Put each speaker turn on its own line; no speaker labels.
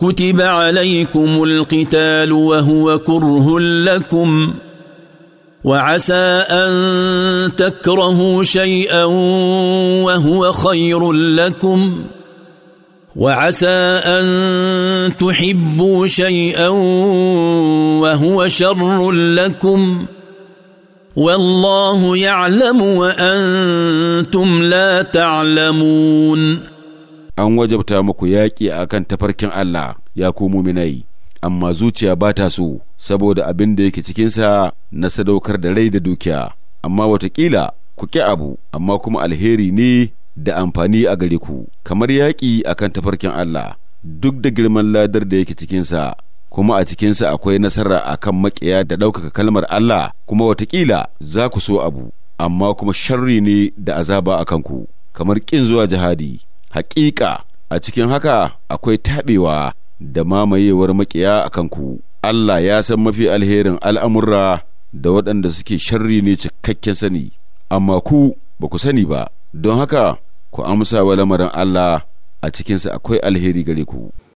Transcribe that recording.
كتب عليكم القتال وهو كره لكم وعسى ان تكرهوا شيئا وهو خير لكم وعسى ان تحبوا شيئا وهو شر لكم والله يعلم وانتم
لا تعلمون an wajabta muku yaƙi a kan tafarkin Allah ya ku muminai amma zuciya ba ta so saboda abin da yake cikinsa na sadaukar da rai da dukiya amma watakila ku ƙi abu amma kuma alheri ne da amfani a gare ku kamar yaƙi a kan tafarkin Allah duk da girman ladar da yake cikinsa kuma a cikinsa akwai nasara a kan maƙiya da ɗaukaka kalmar Allah kuma watakila za ku so abu amma kuma sharri ne da azaba a kanku kamar ƙin zuwa jihadi Hakika a cikin haka akwai taɓewa da mamayewar maƙiya a kanku. Allah ya san mafi alherin al'amurra da waɗanda suke sharri ne cikakken sani, amma ku ba ku sani ba, don haka ku amsa wa lamarin Allah a cikinsa akwai alheri gare ku.